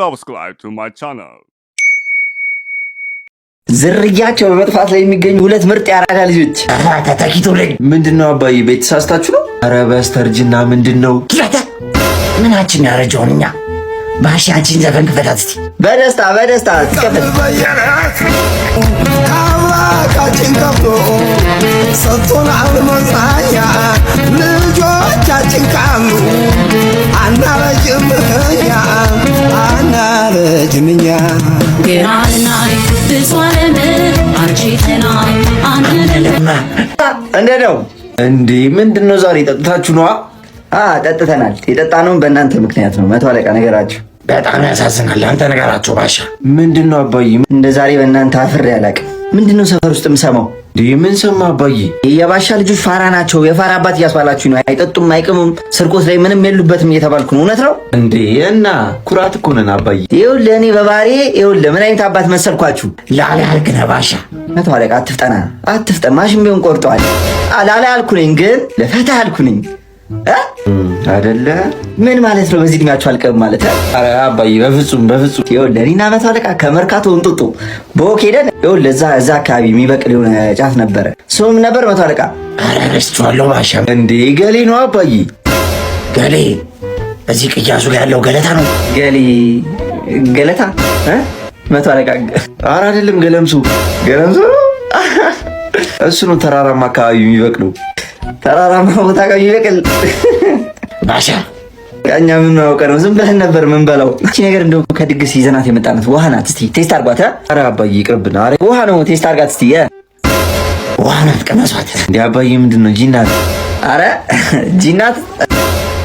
subscribe to my channel. ዝርያቸው በመጥፋት ላይ የሚገኙ ሁለት ምርጥ የአራዳ ልጆች ተተኪ ትውልድ። ምንድን ነው አባዬ ቤት ሳስታችሁ ነው? ኧረ በስተርጅና ምንድን ነው ምናችን ያረጀውን እኛ ማሺ አንቺን ዘፈን ክፈታት እስቲ በደስታ በደስታ ክፈት። ታባቃችን ከብቶ ሰጥቶን ልጆቻችን ካሉ አናረጅም እኛ አናረጅም እኛ ነው ምንድን ነው ዛሬ ጠጥታችሁ ነዋ? ጠጥተናል። የጠጣነውም በእናንተ ምክንያት ነው። መቶ አለቃ ነገራችሁ በጣም ያሳዝናል። አንተ ነገራቸው ባሻ ምንድን ነው አባዬ? እንደ ዛሬ በእናንተ አፍሬ አላቅም። ምንድን ነው ሰፈር ውስጥ የምሰማው? ምን ሰማ አባዬ? የባሻ ልጆች ፋራ ናቸው፣ የፋራ አባት እያስባላችሁ ነው። አይጠጡም፣ አይቅሙም፣ ስርቆት ላይ ምንም የሉበትም እየተባልኩ ነው። እውነት ነው እንዴ? እና ኩራት እኮ ነን አባዬ። ይኸውልህ እኔ በባሬ ይኸውልህ፣ ምን አይነት አባት መሰልኳችሁ? ላላ አልክ ነህ ባሻ። መቶ አለቃ አትፍጠና፣ አትፍጠን። ማሽም ቢሆን ቆርጠዋል። ላላ አልኩ ነኝ ግን ለፈታ አልኩ ነኝ አይደለ? ምን ማለት ነው? በዚህ እድሜያቸው አልቀም ማለት ኧረ አባዬ በፍጹም በፍጹም። ይኸውልህ እኔና መቶ አለቃ ከመርካቶ እንጡጡ በወክ ሄደን ይኸውልህ እዛ እዛ አካባቢ የሚበቅል የሆነ ጫፍ ነበረ ስሙም ነበር መቶ አለቃ። ኧረ ረስቼዋለሁ ማሻ። እንዴ ገሌ ነው አባዬ ገሌ። እዚህ ቅያሱ ላይ ያለው ገለታ ነው ገሌ ገለታ መቶ አለቃ። አረ አይደለም ገለምሱ ገለምሱ እሱ ነው ተራራማ አካባቢ የሚበቅለው ተራራማ ቦታ ጋር ባሻ እኛ ምን ነው? ዝም ብለን ነበር ምን በላው። እቺ ነገር እንደው ከድግስ ይዘናት የመጣናት ውሃ ናት። እስቲ ቴስት አርጓት። አረ አባዬ ይቅርብና፣ አረ ውሃ ነው። ቴስት አርጋት እስቲ። ውሃ ናት፣ ቀመሷት። እንዲ አባዬ ምንድን ነው? ጂናት። አረ ጂናት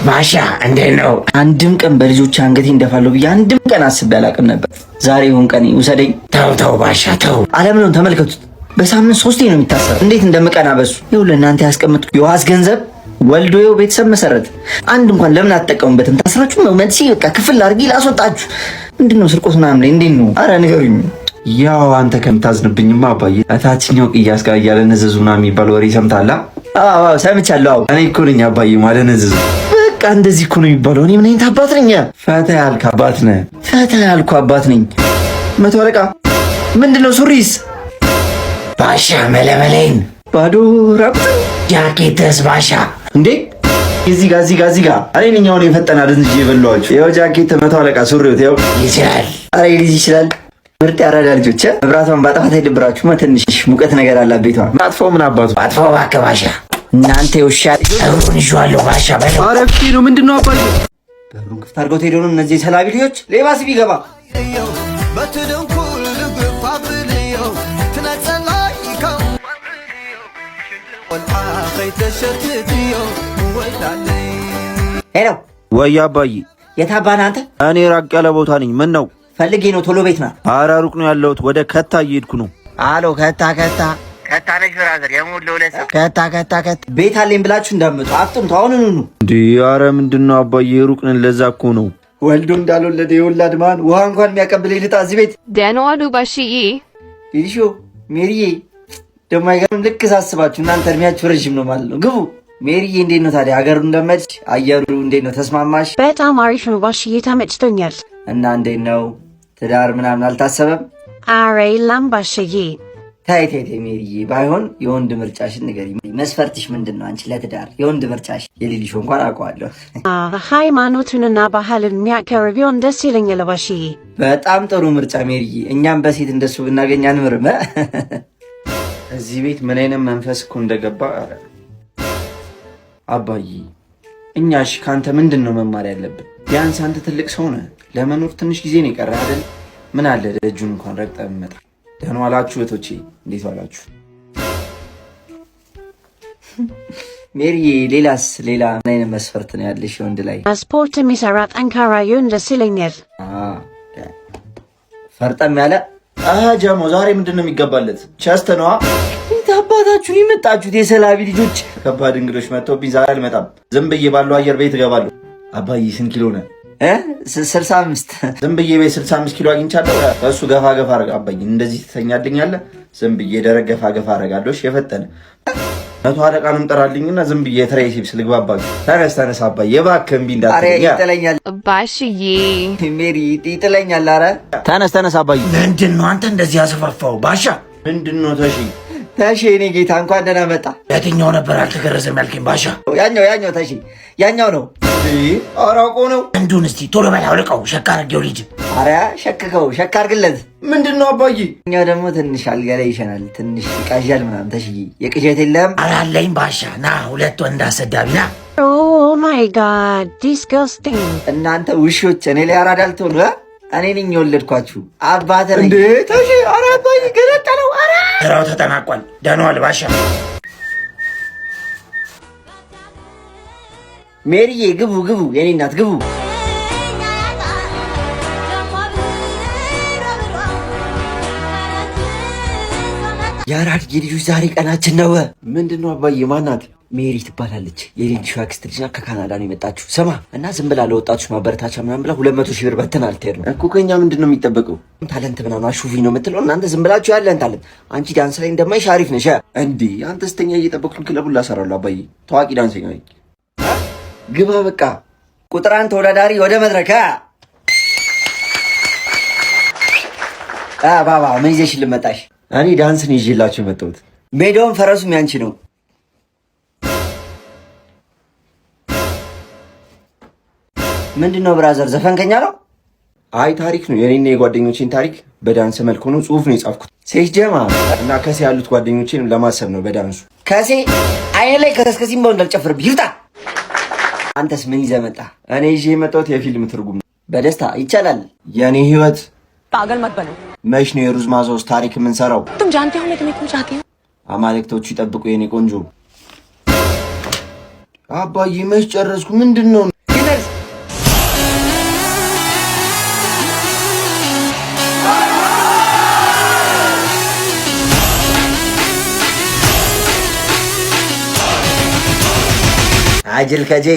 ባሻ እንዴት ነው? አንድም ቀን በልጆች አንገቴ እንደፋለሁ ብዬ አንድም ቀን አስቤ አላቅም ነበር። ዛሬ ይሁን ቀን ውሰደኝ። ተው ተው ባሻ ተው። አለምነውን ተመልከቱት በሳምንት ሶስቴ ነው የሚታሰር። እንዴት እንደምቀና በሱ ይው ለእናንተ ያስቀምጡ የዋስ ገንዘብ ወልዶ የው ቤተሰብ መሰረት አንድ እንኳን ለምን አትጠቀሙበትም? ታስራችሁ መመልሲ በቃ ክፍል አድርጌ ላስወጣችሁ። ምንድን ነው ስርቆት ምናምን ላይ እንዴት ነው? አረ ንገሩኝ። ያው አንተ ከምታዝንብኝማ አባዬ እታችኛው ቅያስ ጋር እያለነዘዙ ምናምን የሚባል ወሬ ሰምታላ? ሰምቻለሁ። እኔ እኮ ነኝ አባዬ ማለነዘዙ በቃ እንደዚህ እኮ ነው የሚባለው። እኔ ምን አይነት አባት ነኝ? ፈታ ያልክ አባት ነህ። ፈታ ያልኩ አባት ነኝ። መቶ አለቃ ምንድን ነው ሱሪስ ባሻ መለመለይን ባዶ ራብ ጃኬትስ ባሻ እንዴ እዚህ ጋር እዚህ ጋር እዚህ ጋር አሬ ንኛውን የፈጠና ድንዝ የበላኋቸው ያው ጃኬት መቶ አለቃ ሱሪዎት ያው ይችላል። አሬ ልጅ ይችላል። ምርጥ ያራዳ ልጆች መብራቷን ባጠፋት አይደብራችሁ ትንሽ ሙቀት ነገር አላት ቤቷ። አጥፎ ምን አባቱ አጥፎ እባክህ ባሻ። እናንተ የውሻ እሩን ይዤዋለሁ ባሻ በለው። አረ ነው ምንድን ነው አባቱ በሩን ክፍት አድርገው ሄደው ነው እነዚህ ሰላቢ ልጆች ሌባ ሲገባ ሄሎ፣ ወይ አባዬ፣ የታባን አንተ። እኔ ራቅ ያለ ቦታ ነኝ። ምን ነው ፈልጌ ነው? ቶሎ ቤት ና። አረ ሩቅ ነው ያለሁት። ወደ ከታ እየሄድኩ ነው። አሎ፣ ከታ ከታ ከታ ነሽ ብራዘር፣ የሙሉ ለሰ ከታ ከታ ከታ ቤት አለኝ ብላችሁ እንዳመጡ አጥምቱ። አሁን ኑኑ እንዴ! ኧረ ምንድን ነው አባዬ? ሩቅ ነን። ለዛ እኮ ነው ወልዶ እንዳልወለደ የወላድ ማን ውሃ እንኳን የሚያቀብለኝ ልጣ እዚህ ቤት ደህና ዋሉ ባሽዬ፣ ቢሾ ሜሪዬ ደግሞ አይገርም። ልክ ሳስባችሁ እናንተ እድሜያችሁ ረዥም ነው ማለት ነው። ግቡ። ሜሪዬ እንዴት ነው ታዲያ? ሀገሩ እንደመድ አየሩ እንዴት ነው? ተስማማሽ? በጣም አሪፍ ነው ባሽዬ፣ ተመችቶኛል። እና እንዴት ነው ትዳር ምናምን አልታሰበም? አረ የለም ባሽዬ። ታይ ታይ ታይ ሜሪዬ፣ ባይሆን የወንድ ምርጫሽን ንገሪኝ። መስፈርትሽ ምንድን ነው? አንቺ ለትዳር የወንድ ምርጫሽ? የሌሊሾ እንኳን አውቀዋለሁ። ሃይማኖቱንና ባህልን የሚያከብር ቢሆን ደስ ይለኛል ባሽዬ። በጣም ጥሩ ምርጫ ሜሪዬ። እኛም በሴት እንደሱ ብናገኝ አንምርመ እዚህ ቤት ምን አይነት መንፈስ እኮ እንደገባ አባዬ። እኛ እሺ ከአንተ ምንድን ነው መማር ያለብን? ቢያንስ አንተ ትልቅ ሰው ነህ። ለመኖር ትንሽ ጊዜ ነው የቀረህ አይደል? ምን አለ ደጁን እንኳን ረግጠህ ብመጣ። ደህና ዋላችሁ እህቶቼ፣ እንዴት ዋላችሁ? ሜሪዬ፣ ሌላስ ሌላ ምን አይነት መስፈርት ነው ያለሽ ወንድ ላይ? ስፖርት የሚሰራ ጠንካራ ይሁን ደስ ይለኛል። ፈርጠም ያለ ጀሞ ዛሬ ምንድን ነው የሚገባለት? ቸስት ነዋ። አባታችሁን የመጣችሁት የሰላቢ ልጆች ከባድ እንግዶች መጥተውብኝ ዛሬ አልመጣም። ዝም ብዬ ባለው አየር ቤት እገባለሁ። አባዬ ስንት ኪሎ ነህ? ስልሳ አምስት ዝም ብዬ ቤት ስልሳ አምስት ኪሎ አግኝቻለሁ። እሱ ገፋ ገፋ አረጋ። አባዬ እንደዚህ ትተኛልኛለህ? ዝም ብዬ ደረግ ገፋ ገፋ አረጋለሽ የፈጠነ መቶ አለቃን ጠራልኝና ዝም ብዬ የተለያየ ሲብስ ልግባባ ታነሳባ የባክህ እምቢ እንዳትለኛል። ባሽዬ ሜሪ ይጥለኛል። ኧረ ተነስ ተነስ አባዬ። ምንድን ነው አንተ እንደዚህ ባሻ ምንድን ነው? ተሺ ተሺ ጌታ እንኳን ደህና መጣ። የትኛው ነበር አልተገረዘም ያልከኝ? ባሻ ያኛው ያኛው ተሺ ያኛው ነው። አራቆ ነው። አንዱን እስቲ ቶሎ በላ አውልቀው፣ ሸካ አድርጌው ልጅ። አረ ሸክከው፣ ሸካ አርግለት ምንድን ነው አባዬ? እኛ ደግሞ ትንሽ አልጋ ላይ ይሸናል፣ ትንሽ ይቃዣል ምናምን። ተሽዬ የቅዠት የለም። አረ ባሻ። ና ሁለት ወንድ አሰዳቢ ና። ኦ ማይ ጋድ ዲስጋስቲንግ! እናንተ ውሾች፣ እኔ ላይ አራዳ ልትሆኑ እኔ ነኝ የወለድኳችሁ አባት። እንዴ ተሽ፣ አረ አባዬ ገለጠለው። አረ ስራው ተጠናቋል። ደህና ባሻ። ሜሪዬ ግቡ ግቡ፣ የኔ እናት ግቡ። የአራድጌ ልጆች ዛሬ ቀናችን ነው። ምንድን ነው አባዬ? ማናት? ሜሪ ትባላለች። የሌንድ ሸክስት ልጅና ከካናዳ ነው የመጣችሁ። ስማ እና ዝም ብላ ለወጣችሁ ማበረታቻ ምናምን ብላ ሁለት መቶ ሺህ ብር በትን አልትሄድ ነው እኮ። ከእኛ ምንድን ነው የሚጠበቀው? ታለንት ምናምን አሹፊ ነው የምትለው እናንተ ዝም ብላችሁ ያለን ታለንት። አንቺ ዳንስ ላይ እንደማይሽ አሪፍ ነሽ እንዲህ አንተ ስተኛ እየጠበቅኩን ክለቡን ላሰራሉ። አባዬ ታዋቂ ዳንሰኛ ነኝ ግባ በቃ። ቁጥራን ተወዳዳሪ ወደ መድረክ አባባ ምን ይዘሽን ልመጣሽ? እኔ ዳንስን ይዤላችሁ የመጣሁት። ሜዳውን ፈረሱም ያንቺ ነው። ምንድን ነው ብራዘር፣ ዘፈንከኛ ነው? አይ ታሪክ ነው። የኔና የጓደኞቼን ታሪክ በዳንስ መልክ ሆኖ ጽሁፍ ነው የጻፍኩት። ሴት ጀማ እና ከሴ ያሉት ጓደኞችን ለማሰብ ነው በዳንሱ። ከሴ አይኔ ላይ ከተስከሲም በው ይውጣ አንተስ ምን ይዘህ መጣ እኔ ይዤ የመጣሁት የፊልም ትርጉም ነው። በደስታ ይቻላል። የእኔ ህይወት ፓገል መጥበል መሽ መች ነው የሩዝ ማዞስ ታሪክ የምንሰራው? ቱም ጃንቲ ሁን ለትሜ ጃንቲ አማልክቶቹ ይጠብቁ የኔ ቆንጆ። አባዬ መች ጨረስኩ። ምንድን ነው አጅል ከጄ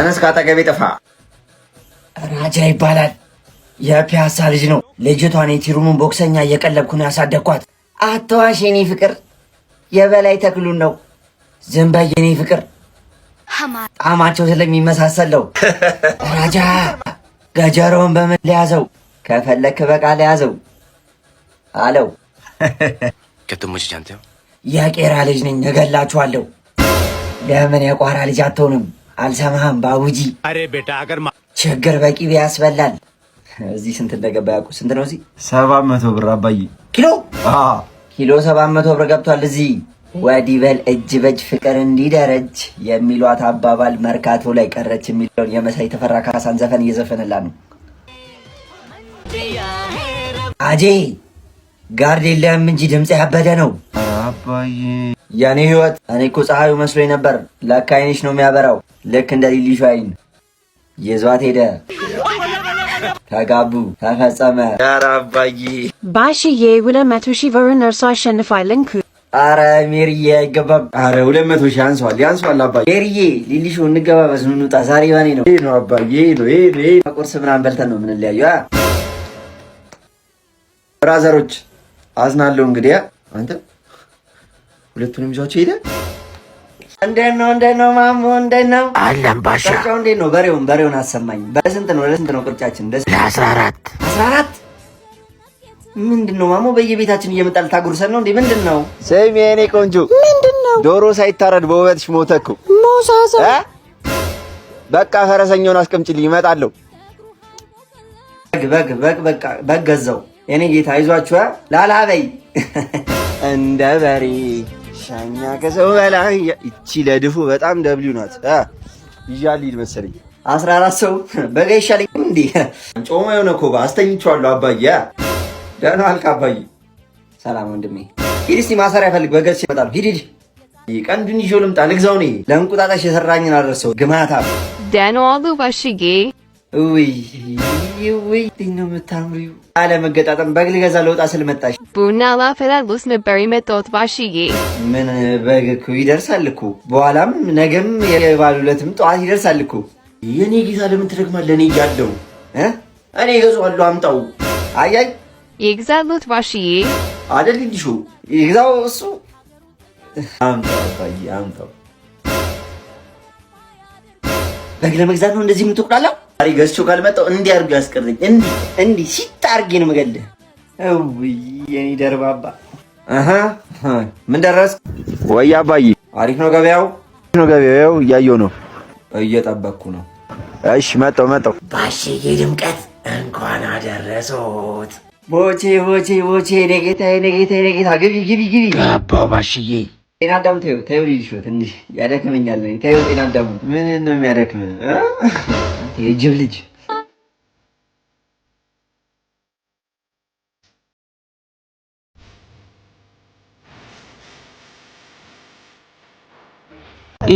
አነስ ከአጠገቤ ጥፋ። ራጃ ይባላል የፒያሳ ልጅ ነው። ልጅቷን የቲሩሙን ቦክሰኛ እየቀለብኩ ነው ያሳደግኳት። አትዋሽ የኔ ፍቅር፣ የበላይ ተክሉን ነው። ዝም በይ የኔ ፍቅር፣ ጣዕማቸው ስለሚመሳሰለው። ራጃ ገጀሮውን በምን ሊያዘው ከፈለክ በቃ ሊያዘው አለው። የቄራ ልጅ ነኝ እገላችኋለሁ። ለምን የቋራ ልጅ አትሆንም? አልሰማህም ባቡጂ? አሬ ቤታ አገር ችግር በቂ ቢያስበላል። እዚህ ስንት እንደገባ ያውቁ። ስንት ነው እዚህ? ሰባት መቶ ብር አባዬ። ኪሎ ኪሎ ሰባት መቶ ብር ገብቷል። እዚህ ወዲህ በል እጅ በጅ ፍቅር እንዲደረጅ የሚሏት አባባል መርካቶ ላይ ቀረች የሚለውን የመሳይ ተፈራ ካሳን ዘፈን እየዘፈንላ ነው። አጄ ጋርድ የለህም እንጂ ድምፅ ያበደ ነው አባዬ። የኔ ህይወት እኔ እኮ ፀሐዩ መስሎኝ ነበር። ለካ አይንሽ ነው የሚያበራው። ልክ እንደ ሊሊሽ አይን ይዟት ሄደ። ተጋቡ፣ ተፈጸመ። ኧረ አባዬ ባሽዬ ሁለት መቶ ሺህ ብርን እርሶ አሸንፏልን። አረ ሜሪዬ አይገባም። አረ ሁለት መቶ ሺህ አንሷል፣ ያንሷል። አባዬ ሜሪዬ ሊሊሹ እንገባበስ ንውጣ፣ ዛሬ ባኔ ነው። ይሄ ነው አባዬ፣ ይሄ ነው ቁርስ ምናምን በልተን ነው የምንለያዩ። ብራዘሮች አዝናለሁ። እንግዲያ አንተ ሁለቱንም ይዟቸው ሄደ። እንዴት ነው? እንዴት ነው? ማሙ እንዴት ነው? አለም ባሻ ቅርጫው እንዴት ነው? በሬውን በሬውን አሰማኝ። በስንት ነው? ለስንት ነው ቅርጫችን? ለአስራ አራት አስራ አራት ምንድን ነው ማሙ? በየቤታችን እየመጣል ታጉርሰን ነው እንዴ? ምንድን ነው? ስሚ የኔ ቆንጆ፣ ምንድን ነው? ዶሮ ሳይታረድ በውበትሽ ሞተኩ። ሞሳሰ በቃ ፈረሰኛውን አስቀምጪልኝ፣ እመጣለሁ። በግ በግ በግ በቃ በግ ገዛው። የኔ ጌታ አይዟችሁ፣ ላላበይ በይ እንደ በሬ ሻኛ ከሰው በላይ እቺ ለድፉ በጣም ደብሊው ናት። ይዣል ሂድ መሰለኝ አስራ አራት ሰው በጋ ይሻለኝ እንዲ ጮማ የሆነ ኮባ አስተኝቼዋለሁ። አባዬ ደህና አልክ? አባዬ ሰላም ወንድሜ። ሂድ እስኪ ማሰሪያ ፈልግ። በገስ ይመጣሉ። ሂድ ሂድ። ቀንዱን ይዤው ልምጣ። ልግዛው እኔ ለእንቁጣጣሽ የሰራኝን አደረሰው ግማታ ደህና ዋሉ ባሽጌ ውይ ነው የምታምሪው። አለመገጣጠም በግ ልገዛ ለውጣ ስለመጣሽ ቡና ላፈላለሁት ነበር የመጣሁት ባሽዬ። ምን በግ እኮ ይደርሳል እኮ በኋላም ነገም የባሉ ጠዋት ይደርሳል እኮ። ጌታ ለምን ትደግማለህ? እኔ እያለሁ እኔ አምጣው። ባሽዬ አደል እንዲሹ እሱ አምጣው፣ አምጣው። በግ ለመግዛት ነው እንደዚህ የምትቁላለው ዛሬ ገዝቶ ካልመጣው እንዲህ አድርጎ ያስቀረኝ። እንዲህ እንዲህ ሲታርጊ ነው የምገልህ። የኔ ደርባባ ምን ደረስ ወይ አባዬ? አሪፍ ነው ገበያው ነው ገበያው። እያየሁ ነው፣ እየጠበቅኩ ነው። እሺ መጣሁ መጣሁ። ባሽዬ ድምቀት እንኳን አደረሰዎት። ቦቼ ቦቼ ቦቼ፣ የኔ ጌታ የኔ ጌታ የኔ ጌታ፣ ግቢ ግቢ ግቢ። ገባሁ ባሽዬ ጤና አዳም ተይው ተይው፣ ልጅሽ ትንሽ ያደክመኛል። ተይው ጤና አዳሙ። ምን ነው የሚያደክም? የጅብ ልጅ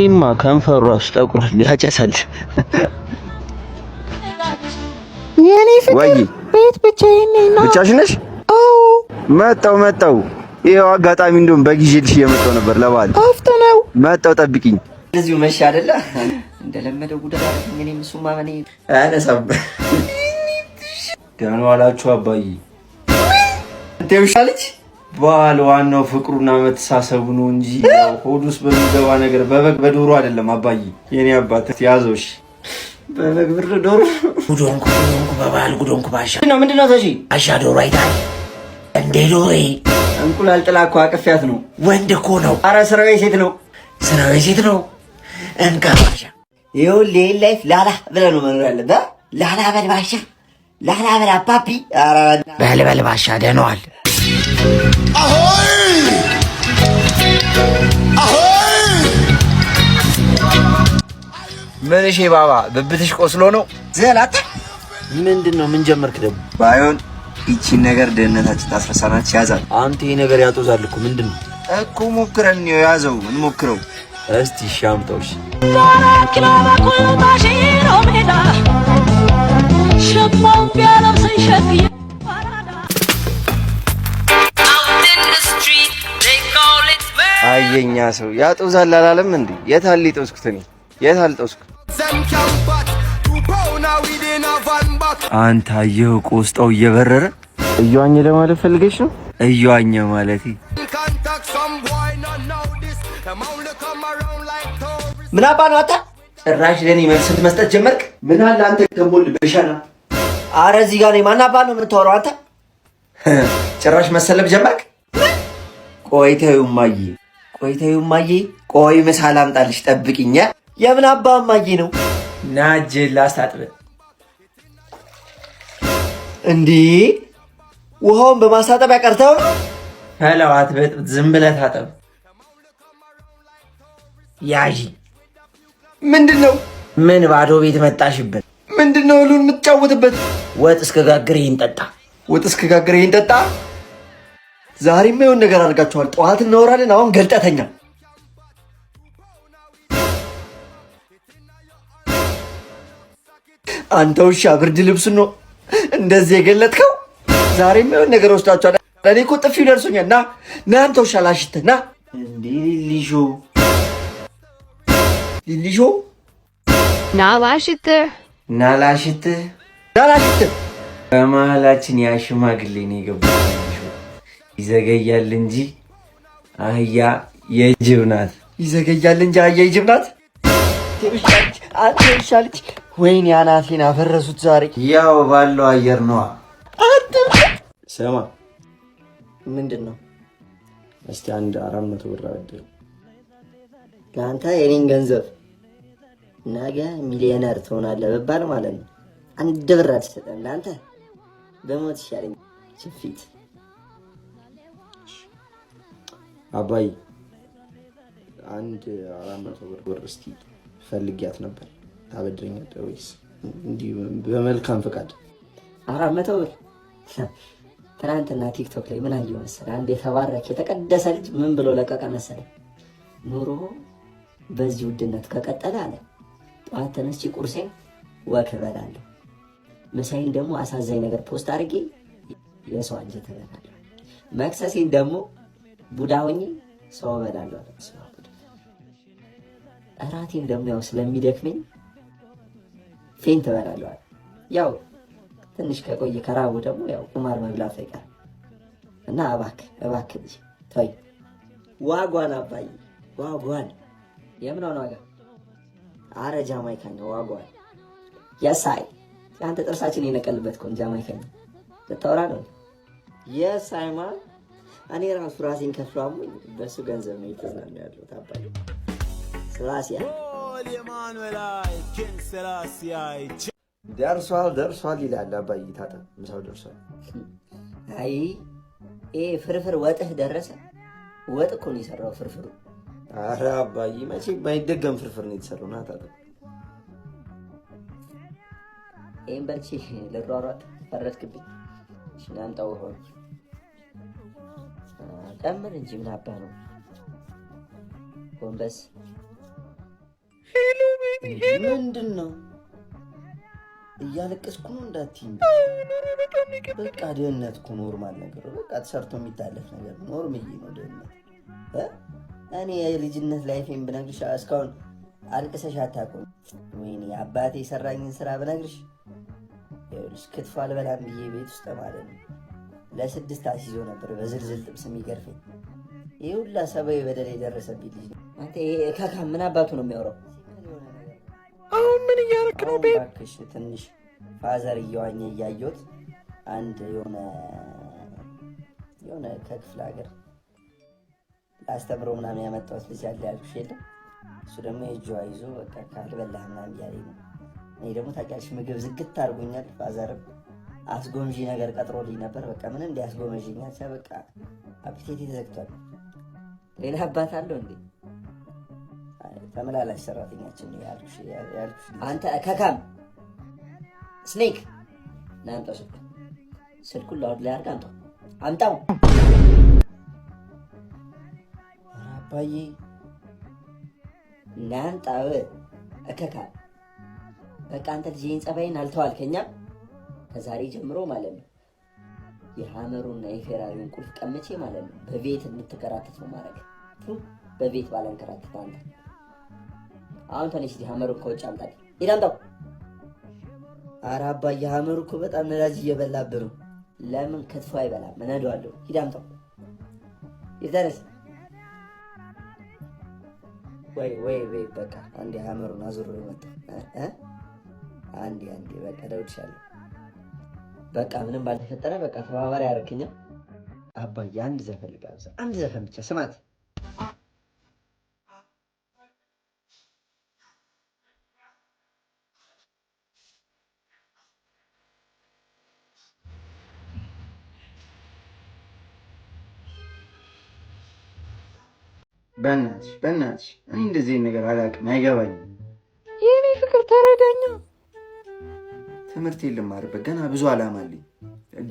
ኢማ ከንፈሩ ራሱ ጠቁሯል፣ ያጨሳል። የኔ ፍቅር ቤት ብቻዬን ነኝ። ብቻሽ ነሽ? መጣው መጣው ይሄው አጋጣሚ እንደውም በጊዜልሽ እየመጣሁ ነበር። ለባል አፍተ ነው መጣሁ። ጠብቂኝ። እዚሁ መሽ አይደለ እንደለመደው ጉዳይ እንግዲህ እሱማ ማመኔ አነሳብ ደህና ዋላችሁ አባዬ። ተውሻለች ባል ዋናው ፍቅሩና መተሳሰቡ ነው እንጂ ሆዱስ በሚገባ ነገር በበግ በዶሮ አይደለም አባዬ። የኔ አባት ያዘውሽ በበግ ብር ዶሮ ጉዶንኩ ጉዶንኩ በባል ጉዶንኩ ባሻ ነው ምንድነው ታሺ አሻ ዶሮ አይታ እንደ ዶሮ እንቁላል ጥላ እኮ አቅፊያት ነው። ወንድ እኮ ነው። አረ ስራዊ ሴት ነው። ስራዊ ሴት ነው። እንካባሻ ይኸው ሌል ላይፍ ላላ ብለህ ነው መኖር ያለበ። ላላ በልባሻ፣ ላላ በል አባቢ፣ በል በልባሻ። ደነዋል ደህናዋል። ምን እሺ ባባ፣ ብብትሽ ቆስሎ ነው ዘላታ? ምንድን ነው? ምን ጀመርክ ደግሞ ባይሆን ይቺን ነገር ደህንነታችን ታስረሳናች። ያዛል። አንተ ይሄ ነገር ያጦዛል እኮ ምንድን ነው እኮ ሞክረን ነው ያዘው። እንሞክረው እስቲ ሻምጣውሽ አየኛ ሰው ያጦዛል አላለም እንዴ? የታል ሊጦስኩት እኔ የታል ጦስኩት አንተ አየሁ ቆስጣው እየበረረ እያኘ ለማለት ፈልገሽ ነው? እያኘ ማለት ምን አባ ነው አንተ ጭራሽ ለኔ መልስት መስጠት ጀመርክ? ምን አለ አንተ ከሞል በሻና አረ እዚህ ጋር ማን አባ ነው የምታወራው አንተ? ጭራሽ መሰለብ ጀመርክ? ቆይተው ማዬ ቆይተው ማዬ ቆይ ምሳ ላምጣልሽ ጠብቂኝ። የምን አባ ማዬ ነው ና እጅህን ላስታጥብ። እንዲህ ውሃውን በማሳጠብ ያቀርተው ፈለው አትበጥብጥ፣ ዝም ብለህ ታጠብ። ያዢ ምንድን ነው? ምን ባዶ ቤት መጣሽበት? ምንድን ነው ሁሉን የምትጫወትበት? ወጥ እስከጋግር ጋግሬ ይንጠጣ፣ ወጥ እስከጋግር ይንጠጣ። ዛሬም የሆን ነገር አድርጋችኋል። ጠዋት እናወራለን፣ አሁን ገልጠተኛ አንተ ውሻ ብርድ ልብስ ነው እንደዚህ የገለጥከው? ዛሬም የሆነ ነገር ወስዳችኋል። እኔ እኮ ጥፊ ደርሶኛል። ና ና፣ አንተ ውሻ ላሽትህ ና። እንዴ ሊሾ ሊሾ፣ ና ላሽትህ፣ ና ላሽትህ፣ ና ላሽትህ። በመሀላችን ያ ሽማግሌ ነው የገባው። ይዘገያል እንጂ አህያ የጅብ ናት። ይዘገያል እንጂ አህያ የጅብ ናት። አንተ ውሻ ልጅ ወይኔ አናቴን አፈረሱት ዛሬ። ያው ባለው አየር ነዋ። ስማ ምንድን ነው? እስቲ አንድ አራት መቶ ብር አበድር። ለአንተ የኔን ገንዘብ ነገ ሚሊዮነር ትሆናለህ ብባል ማለት ነው አንድ ብር አትሰጠም። ለአንተ በሞት ይሻለኝ ችፊት አባይ አንድ አራት መቶ ብር ብር እስኪ ፈልጊያት ነበር ታበድረኛለህ ወይስ እንዲህ በመልካም ፈቃድ? አራት መቶ ብር ትናንትና ቲክቶክ ላይ ምን አየሁ መሰለህ? አንድ የተባረክ የተቀደሰ ልጅ ምን ብሎ ለቀቀ መሰለህ? ኑሮ በዚህ ውድነት ከቀጠለ አለ ጠዋት ተነስቼ ቁርሴን ወክ እበላለሁ፣ ምሳዬን ደግሞ አሳዛኝ ነገር ፖስት አድርጌ የሰው አንጀት እበላለሁ፣ መክሰሴን ደግሞ ቡዳ ሆኜ ሰው እበላለሁ፣ እራቴን ደግሞ ያው ስለሚደክመኝ ፌንት እበላለዋል። ያው ትንሽ ከቆየ ከራቡ ደግሞ ያው ቁማር መብላት አይቀርም እና እባክህ እባክ ልጅ ተይ፣ ዋጓን አባይ ዋጓን። የምናውን ዋጋ አረ ጃማይካ ነው ዋጓን። የሳይ አንተ ጥርሳችን የነቀልበት ኮን ጃማይካ ነው ልታወራ ነው። የሳይ ማ እኔ ራሱ ራሴን ከፍሎ አሞኝ በእሱ ገንዘብ ነው የተዝናኑ ያለው ታባ ስራሲያ ደርሷል ደርሷል ይላል አባይ ታጠ ምሳው ደርሷል። አይ ይሄ ፍርፍር ወጥህ ደረሰ። ወጥ እኮ ነው የሰራው ፍርፍሩ። አረ አባይ መቼ ባይደገም ፍርፍር ነው የተሰራው። ና ታጠ ይህም በልቼ ልሯሯጥ ፈረድክብኝ። ሽናምጣው ሆን ቀምር እንጂ ምን አባ ነው ጎንበስ ሄሎ ቤቲ፣ ሄሎ ምንድን ነው? እያለቀስኩ ነው እንዳትዪ። በቃ ድህነት እኮ ኖርማል ነገር በቃ ተሰርቶ የሚታለፍ ነገር ነው። ኖርምዬ ነው ድህነት። እኔ የልጅነት ላይፌን ብነግርሽ እስካሁን አልቅሰሽ አታውቅም። ወይኔ አባቴ የሰራኝን ስራ ብነግርሽ ይኸውልሽ ክትፎ አልበላም ብዬ ቤት ውስጥ ማለት ነው ለስድስት አስይዞ ነበር በዝልዝል ጥብስ የሚገርፈኝ። ይህ ሁላ ሰብአዊ በደል የደረሰብኝ ልጅ ነው። አንተ ይሄ ካካ ምን አባቱ ነው የሚያወራው? ምን እያረክ ነው? ቤት እባክሽ ትንሽ ፋዘር እየዋኘ እያየሁት አንድ የሆነ የሆነ ከክፍለ ሀገር ላስተምሮ ምናምን ያመጣሁት ልጅ አለ ያልኩሽ የለም። እሱ ደግሞ የእጅዋ ይዞ በቃ ካልበላህ ምናምን እያለኝ ነው። እኔ ደግሞ ታውቂያለሽ ምግብ ዝግት አድርጎኛል። ፋዘርም አስጎምዢ ነገር ቀጥሮልኝ ነበር። በቃ ምንም እንዲ አስጎመዥኛል። በቃ አፒቴቴ ተዘግቷል። ሌላ አባት አለው እንዴ? ተመላላሽ ሰራተኛችን አንተ ከካም ስኔክ ናምጣ ስልኩ ስልኩን ላውድ ላይ አድርግ አንተ አምጣው። አባዬ ናምጣው እከካም በቃ አንተ ልጅህን ጸባይን አልተዋልከኛ። ከዛሬ ጀምሮ ማለት ነው የሀመሩና የፌራሪውን ቁልፍ ቀመቼ ማለት ነው በቤት እንድትከራተት ነው ማድረግ። በቤት ባለንከራተት አንተ አሁን ተነሽ፣ ሀመር እኮ ውጭ አምጣልኝ። ሂድ አምጣው። ኧረ አባዬ ሀመር እኮ በጣም ነዳጅ እየበላብህ ነው። ለምን ክትፎ አይበላም? እነዳዋለሁ። ሂድ አምጣው። ሂድ ወይ ወይ ወይ፣ በቃ አንዴ ሀመሩን አዙሮ ይመጣ። አንዴ አንዴ፣ በቃ ደውልሻለሁ። በቃ ምንም ባልተፈጠረ፣ በቃ ተባባሪ አደረክኛ። አባዬ አንድ ዘፈን ልጋብዘህ፣ አንድ ዘፈን ብቻ ስማት በእናትሽ በእናትሽ እኔ እንደዚህ ነገር አላውቅም፣ አይገባኝም። የኔ ፍቅር ተረዳኛ። ትምህርቴን ልማርበት ገና ብዙ አላማ አለኝ።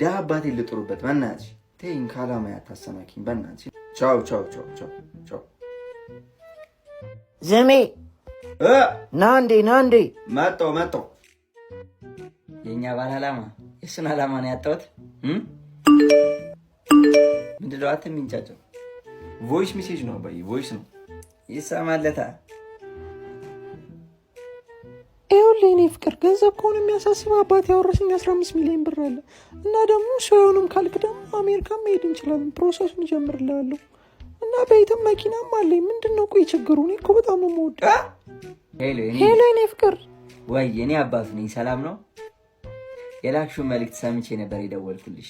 ደሀ አባቴ ልጥሩበት። በእናትሽ ተይኝ፣ ከአላማ ያታሰናኪኝ። በእናትሽ ቻው፣ ቻው፣ ቻው፣ ቻው፣ ቻው። ዘሜ ና ናንዴ፣ ና እንዴ። መጣሁ፣ መጣሁ። የእኛ ባል አላማ የእሱን አላማ ነው ያጣሁት። ምንድን ነው አትሚንጫጫው ቮይስ ሜሴጅ ነው አባዬ፣ ቮይስ ነው ይሰማለታ። ይኸውልህ የእኔ ፍቅር ገንዘብ ከሆነ የሚያሳስበው አባት ያወረሰኝ 15 ሚሊዮን ብር አለ እና ደግሞ ሰውንም ካልክ ደግሞ አሜሪካ መሄድ እንችላለን። ፕሮሰሱን እጀምርልሃለሁ እና ቤትም መኪናም አለኝ። ምንድን ነው ቆይ ችግሩ? እኔ እኮ በጣም ነው የምወደው። ሄሎ የእኔ ፍቅር። ወይ እኔ አባት ነኝ። ሰላም ነው? የላክሽውን መልዕክት ሰምቼ ነበር የደወልኩልሽ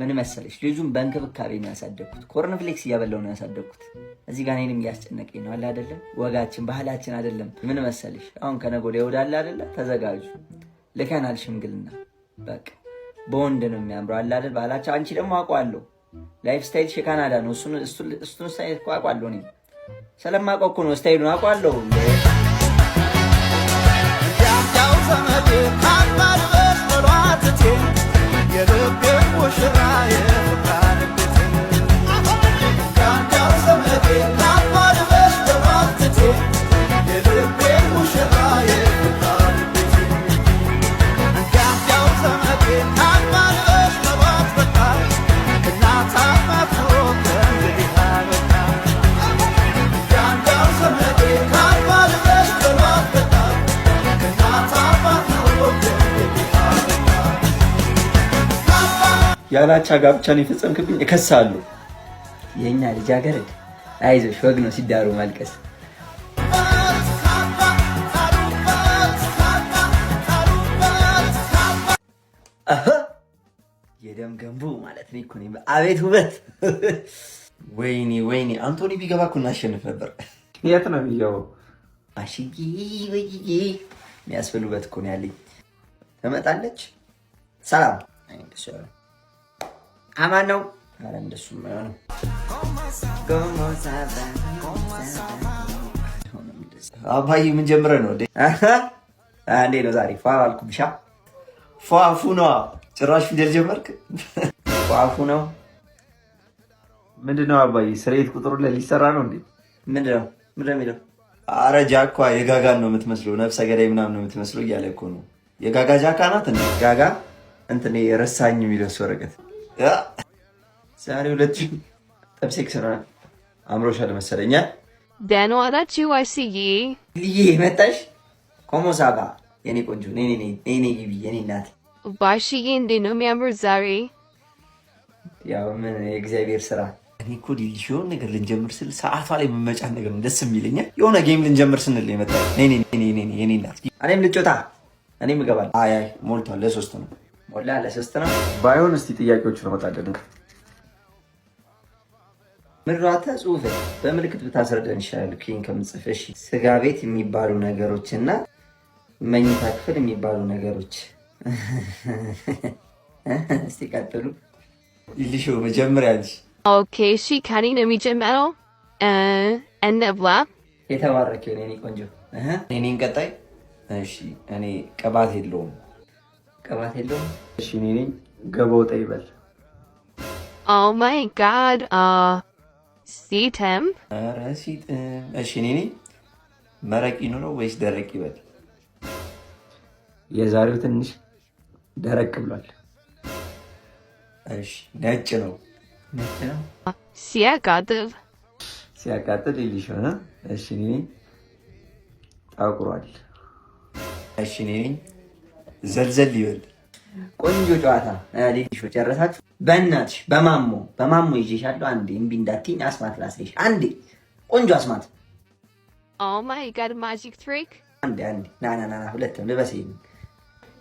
ምን መሰለሽ ልጁን በእንክብካቤ ነው ያሳደግኩት። ኮርንፍሌክስ እያበላው ነው ያሳደግኩት። እዚህ ጋር እኔንም እያስጨነቀኝ ነው አለ አደለም? ወጋችን ባህላችን አደለም። ምን መሰለሽ አሁን ከነገ ወዲያ አለ አደለ? ተዘጋጁ። ልከናል ሽምግልና። በቃ በወንድ ነው የሚያምረው አለ አደል? ባህላችን አንቺ ደግሞ አውቀዋለሁ። ላይፍ ስታይል ካናዳ ነው። እሱን ስታይል አውቀዋለሁ። እኔ ስለማውቀው እኮ ነው ስታይሉን አውቀዋለሁ። ያው ዘመድ የልቤ ሙሽራዬ ጋብቻ ጋብቻን የፈጸምክብኝ እከሳሉ። የኛ ልጃገረድ አይዞሽ፣ ወግ ነው ሲዳሩ ማልቀስ። የደም ገንቡ ማለት ነው እኮ። አቤት ውበት! ወይኔ ወይኔ! አንቶኒ ቢገባ እኮ እናሸንፍ ነበር። የት ነው የሚገባው? አሽጌ ወይዬ፣ የሚያስብል እኮ ነው ያለኝ። ትመጣለች። ሰላም አማን ነው። አረ እንደሱም አይሆንም። አባዬ ምን ጀምረ ነው? እንዴ? እንዴ ነው ዛሬ? ፏ አልኩብሻ። ፏፉ ነው። ጭራሽ ፊደል ጀመርክ። ፏፉ ነው ምንድን ነው አባዬ? ስሬት ቁጥሩ ላይ ሊሰራ ነው እንዴ? ምንድነው ነው የሚለው? አረ ጃኳ የጋጋን ነው የምትመስለው፣ ነፍሰ ገዳይ ምናምን ነው የምትመስለው እያለ እኮ ነው። የጋጋ ጃካ ናት። ጋጋ እንትን የረሳኝ የሚለስ ወረቀት ዛሬ ሁለት ጥብሴ ክስራል አምሮሻል መሰለኛ። ደህና ዋላችሁ። አይስዬ ልዬ መጣሽ። የኔ ቆንጆ ግቢ የኔ እናት ባሽዬ፣ እንዴ ነው የሚያምር ዛሬ። ያው ምን የእግዚአብሔር ስራ። እኔ እኮ ሊልሽ የሆነ ነገር ልንጀምር ስል ሰዓቷ ላይ ነገር ደስ የሚለኛ የሆነ ጌም ልንጀምር ስንል የመጣ የኔ እናት። እኔም ልጮታ እኔም እገባለሁ። አይ አይ ሞልቷል፣ ለሶስት ነው ሞላ ለሶስት ነው ባይሆን፣ እስቲ ጥያቄዎቹን አመጣለን። ምራተ ጽሁፍ በምልክት ብታስረዳን ይሻላል። ኪን ከምጽፍሽ ስጋ ቤት የሚባሉ ነገሮች እና መኝታ ክፍል የሚባሉ ነገሮች እስቲ ቀጥሉ። ይልሽ መጀመሪያ ልሽ ኦኬ። እሺ ከኔ ነው የሚጀመረው። እንብላ የተባረክ የሆነ ቆንጆ እኔን ቀጣይ እሺ። እኔ ቅባት የለውም ቅባት የለውም። እሺ እኔ ነኝ። ገበው ጠይበል ኦ ማይ ጋድ ሲተም ኧረ ሲጥም። እሺ እኔ ነኝ። መረቅ ይኑረው ወይስ ደረቅ ይበል? የዛሬው ትንሽ ደረቅ ብሏል። እሺ ነጭ ነው ነጭ ነው። ሲያቃጥል ሲያቃጥል ይልሽ ሆነ። እሺ እኔ ነኝ። ጠቁሯል። እሺ እኔ ነኝ ዘልዘል ይበል። ቆንጆ ጨዋታ ሌሾ ጨረሳችሁ። በእናትሽ በማሞ በማሞ ይዤሻለሁ። አንዴ እምቢ እንዳትኝ አስማት ላስሬሽ። አንዴ ቆንጆ አስማት። ኦማይ ጋድ ማጂክ ትሪክ። አንዴ አንዴ ና ና ና፣ ሁለትም ልበስ።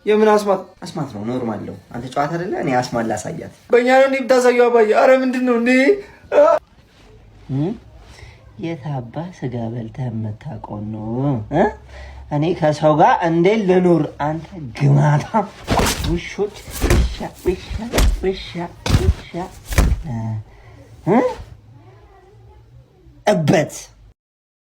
የምን አስማት? አስማት ነው ኖርማል ነው። አንተ ጨዋታ አይደለ። እኔ አስማት ላሳያት። በእኛ ነው እንዴ የምታሳየው? አባዬ አረ ምንድን ነው እንዴ? የታባ ስጋ በልተህ የምታውቀው ነው እኔ ከሰው ጋር እንዴ ልኑር? አንተ ግማታ ውሾች ውሻ ውሻ ውሻ ውሻ እበት